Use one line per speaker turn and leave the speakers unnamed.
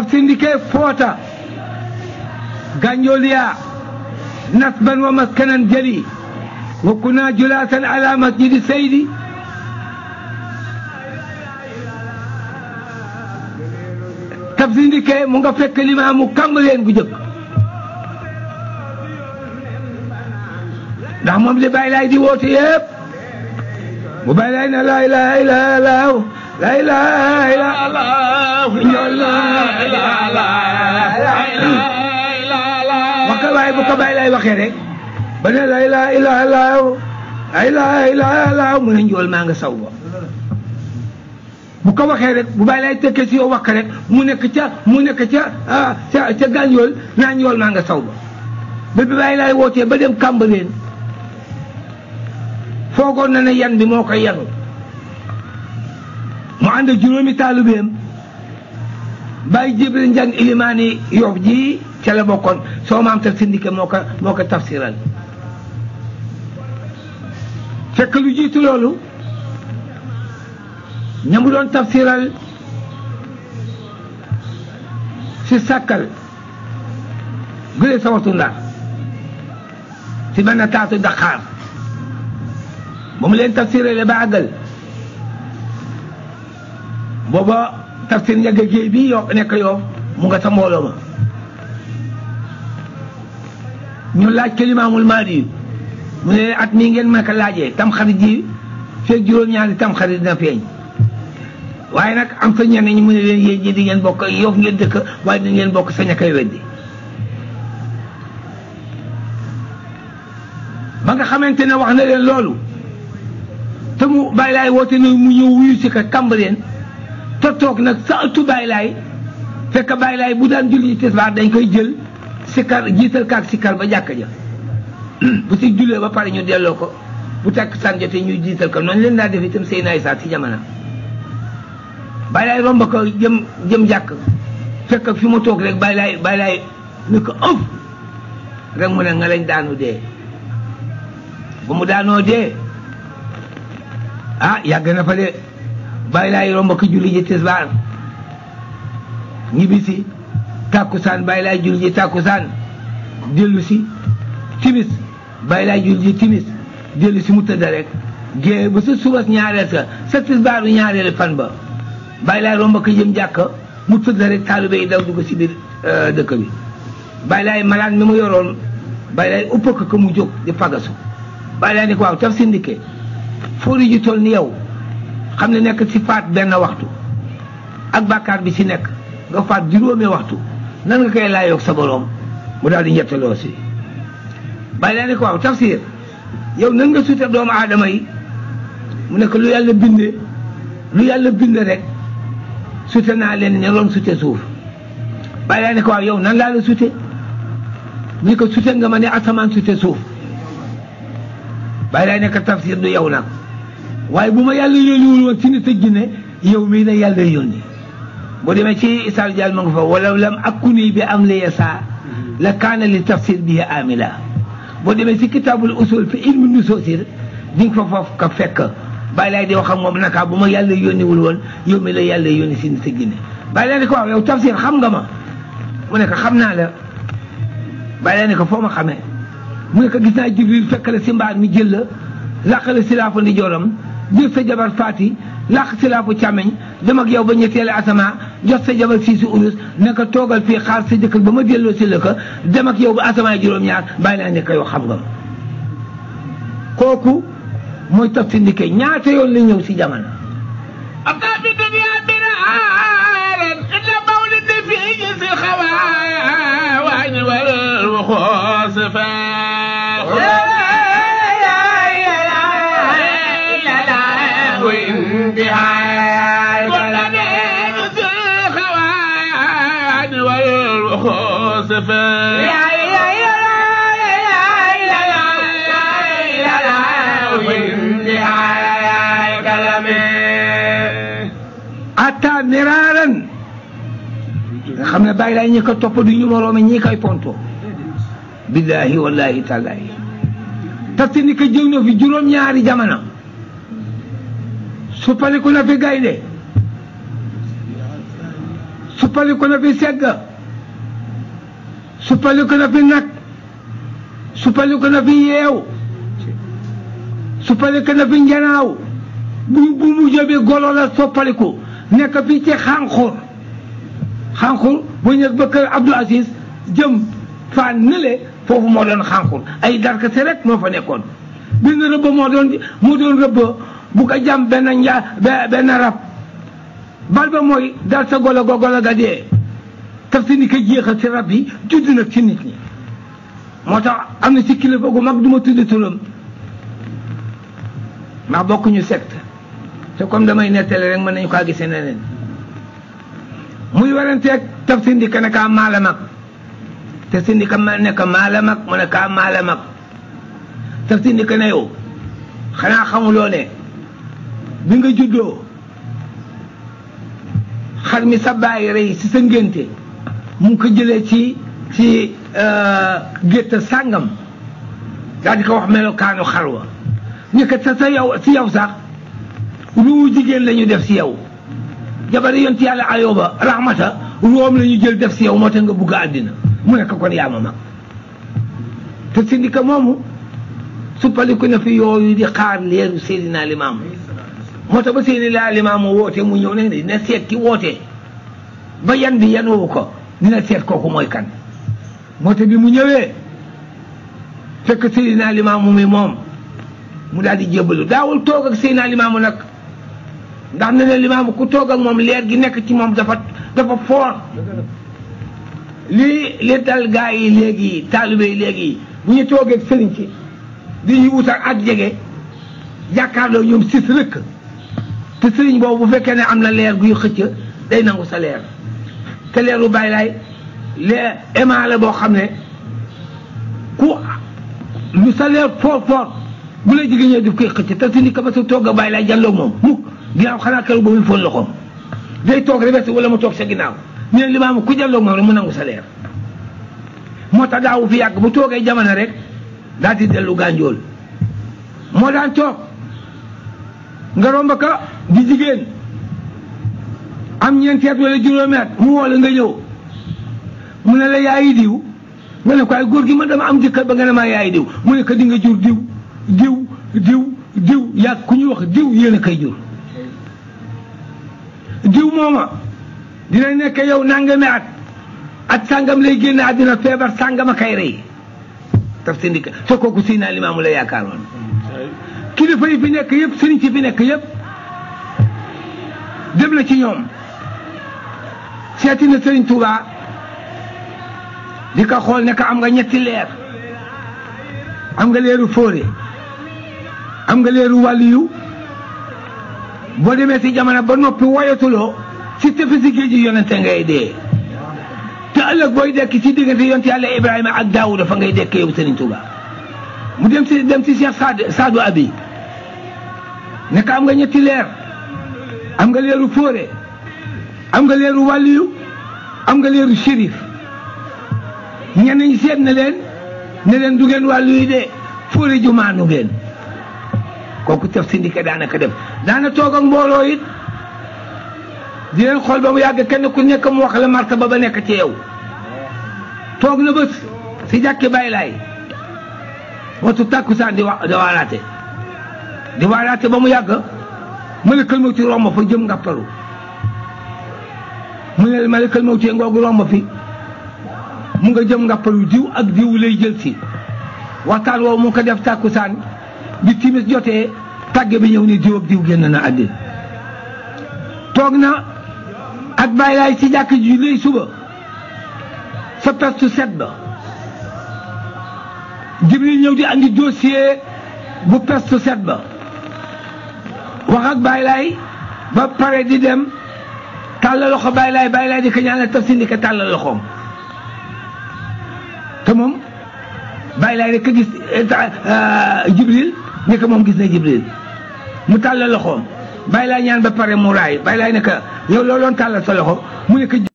tafsindike foota ganjoliya nasban wa maskanan jali wa kuna julasan ala masjidi seydi tafsindike mu nga fekk limaamu kambaleen bu jëkk ndax moom li bàyyi laay di woote yëpp mu bàyyi laay na laa ilaha illa allah la ilaha illa allah wax nga waxee rek ba ne la ilaha illa la mu ne maa nga saw ba bu ko waxee rek bu ba lay tekkee si yow wax mu nekk ca mu nekk ca ah, ca ca gànjool naa maa nga saw ba ba bi bàyyi ba dem kàmbaleen foogoon na yan bi moo koy yanu mu ànd ak juróomi taalu bàyyi jibril njàng ilimaani yof ji ca la soo maam taf sindike moo ko moo ko tafsiral fekk lu jiitu loolu ña doon tafsiral si sàkkal gulee sawatu ndar si benn taatu daqaar ba mu leen tafsirale ba àggal booba tafsir njagga géey bi yo nekk yoof mu nga sa mbooloo ma ñu laaj ke limamul madi mu ne at mi ngeen maka laaje tam xarit ji feeg juróom-ñaari tam xarit na feñ waye nak am fa ñenn ñu mu ne leen yéen ñi di ngeen bokk yoof ngeen dëkk waye di ngeen bokk sa ñakkay weddi ba nga xamantene wax na leen loolu te mu bàyyi laay woote ne mu ñëw wuyu ci ka kàmb leen te toog nag sa ëttu Baay Laay fekk Baay bu daan julli tisbaar dañ koy jël sikkar jiital kaak sikkar ba jàkk ja bu si jullee ba pare ñu delloo ko bu takk saan jotee ñuy jiital ko noonu leen daa def itam sëy naay saa si jamono Baay Laay romb ko jëm jëm jàkk fekk fi mu toog rek Baay Laay Baay Laay ni ko ëpp rek mu ne nga lañ daanu dee ba mu daanoo dee a ah, yàgg na fa bàyyi laay romb ki julli ji tisbaar ñibbisi tàkkusaan bàyyi laay julli ji tàkkusaan dellu si timis bàyyi laay julli ji timis dellu si mu tëdd rek gée ba sa subas ñaareel sa sa fan ba bàyyi laay romb ki jëm jàkk mu tëdd rek taalibe yi daw euh, dëkk bi bàyyi laay malaan mi mu yoroon bàyyi laay upp di fagasu bàyyi laay waaw taf si ndikkee fóori ji yow xam ne nekk ci faat benn waxtu ak bàkkaar bi ci nekk nga faat juróomi waxtu nan nga koy laayoog sa boroom mu daal di ñettaloo si bàyyi laa ne ko waaw tafsir yow nan nga suute doomu aadama yi mu nekk lu yàlla binde lu yàlla bind rek sute naa leen ña doon sute suuf bàyyi laa ne ko waaw yow nan laa la sute mu ne ko sute nga ma ne asamaan sute suuf bàyyi laa ne ko tafsir du yow nag waaye bu ma yàlla yónniwul woon ci nit ak jinne yow mii da yàlla yónni boo demee ci isaal jaal ma nga fa walaw lam akuni bi am li yasa la kaana li tafsir bi amila boo demee ci kitaabul usul fi ilmu nusoosir di nga fa foofu ka fekk bàyyi laay di wax ak moom naka bu ma yàlla yónniwul woon yow mi la yàlla yónni si nit ak jinne bàyyi laay ne ko waaw yow tafsir xam nga ma mu ne ko xam naa la bàyyi laay ne ko foo ma xamee mu ne ko gis naa jibril fekk la si mbaar mi jël la làq la si laafa ndi jooram جوس جبر فاتي لا اختلاف وشامن دمك يا بني تيل عثما جوس جبر سيس أولس نك توغل في خار سيدك بمجيل لسلك دمك يا عثما جروم يا بين عندك يا خبرم كوكو موي تفسير نك يا تيون لين يوسي جمان أكاد الدنيا بين عالم إلا مولد في جنس الخوايا وعين ورخوص فاخر atta miraaran nga xam ne bàyyi laa ñi ko topp du ñu moroomi ñi koy ponto billaahi wallaahi tallaahi tax ni ko jëw na fi juróom-ñaari jamono suppaliku na fi gaynde suppaliku na fi segg suppaliku na fi nag suppaliku na fi yeew suppaliku na fi njanaaw bu bu mujj bi golo la nekk fii ci xànqur xànqur bu nekk ba kër Abdou Aziz jëm faa nële foofu moo doon xànqur ay darkase rek moo fa nekkoon benn rëbb moo doon moo doon rëbb bu ko jam benn nja rab bal ba mooy dal sa golo go golo ga dee taf si ni ko jéexal si rab yi judd nag ci moo tax am na ci kilifa gu mag du ma tudd ma ndax bokkuñu secte te comme damay nettale rek mën nañu kaa gisee neneen muy waranteeg taf si ndika ne te si ndika ne ka maala mag mu ne kaa maala mag taf si ndika ne yow xanaa xamuloo bi nga juddoo xar mi sa bàyyi rey si sa ngénte mu ngi ko jëlee ci ci euh, gétt sàngam daal ka ko wax melokaanu xar wa ñëkkat sa sa yow si yow sax ruu jigéen la ñu def si yow jabari yonti yàlla ayoba rahmata room la ñu jël def si yow moo tax nga bugg àddina mu nekk kon yaa ma mag te sindika moomu suppaliku na fi yooyu di xaar leeru Seydina Limaam moo tax ba seeni laa limaam moo woote mu ñëw nag ne seet ki woote ba yan bi yanoowu ko dina seet kooku mooy kan moo tax bi mu ñëwee fekk Seydina Limaamu mi moom mu daal di jébbalu daawul toog ak Seydina Limaamu nag ndax ne na Limaamu ku toog ak moom leer gi nekk ci moom dafa dafa foor lii li dal gaa yi léegi taalibe yi léegi bu ñu toogee ak sëriñ ci di ñu wut ak jege jàkkaarloo ñoom sis te sëriñ boobu bu fekkee ne am na leer guy xëcc day nangu sa leer te leeru bàyyi laay leer boo xam ne ku lu sa leer foor foor bu la jigéen ñëw daf koy xëcc te suñu kaba su toog a bàyyi laay jàlloog moom mukk ginnaaw xanaa keroog ba muy fóon loxoom day toog rek wala mu toog sa ginnaaw ñu ne ku jàlloog moom rek mu nangu sa leer moo tax daawu fi yàgg bu toogee jamono rek daal di dellu gànjool moo daan toog. nga romb ka di jigéen am ñeenti at wala juróomi at mu woo nga ñëw mu ne la yaayi diw nga ne ko ay góor gi ma dama am jëkkër ba nga ne maa yaayi diw mu ne ko di nga jur diw diw diw diw yaa ku ñuy wax diw yéen kay koy jur diw mooma dina nekk yow nangame at at sàngam lay génn àddina feebar sàngama kay rey daf si ndikk te kooku si naa limaamu la yaakaaroon kilifa yi fi nekk yëpp sëriñ si fi nekk yëpp dem ci ñoom seeti na sëriñ Touba di ko xool ne am nga ñetti leer am nga leeru fóore am nga leeru wàlliyu boo demee si jamono ba noppi woyatuloo si tefesi géej gi yonente ngay dee te ëllëg ci dekki si diggante yonte yàlla Ibrahima ak Daawuda fa ngay dekkee yow sëriñ Touba mu dem si dem si Cheikh Sadou Abi nekk am nga ñetti leer am nga leeru fóore am nga leeru wàlliyu am nga leeru shérif ñenn ñi seet na leen ne leen du ngeen wàlliyu de fóore jumaanu ngeen kooku tef si ndike daanaka def daana toog ak di leen xool ba mu yàgg kenn ku nekk mu wax la martaba ba nekk ci yow toog na bés si jàkki bàyyi laay waxtu tàkkusaan di di waalaate di waaraate ba mu yàgg malakal mawti romb fa jëm ngàppalu mu ne malakal mawti romb fi mu nga jëm ngàppalu diw ak diw lay jël si waxtaan woowu mu ngi ko def saan bi timis jotee tàgge bi ñëw ne diw ak diw génn na àddina toog na ak bàyyi ci jàkk ji lay suba sa pestu set ba jibril ñëw di andi dossier bu pestu set ba wax ak Baye Laye ba pare di dem tàllal loxo Baye Laye Baye Laye di ko ñaanal Tafsir di ko tàllal loxoom te moom Baye Laye rek gis eh, eh, Jibril ne ko moom gis na Jibril mu tàllal loxoom Baye Laye ñaan ba pare mu raay Baye Laye ne ko yow looloon tàllal sa loxo mu ne ko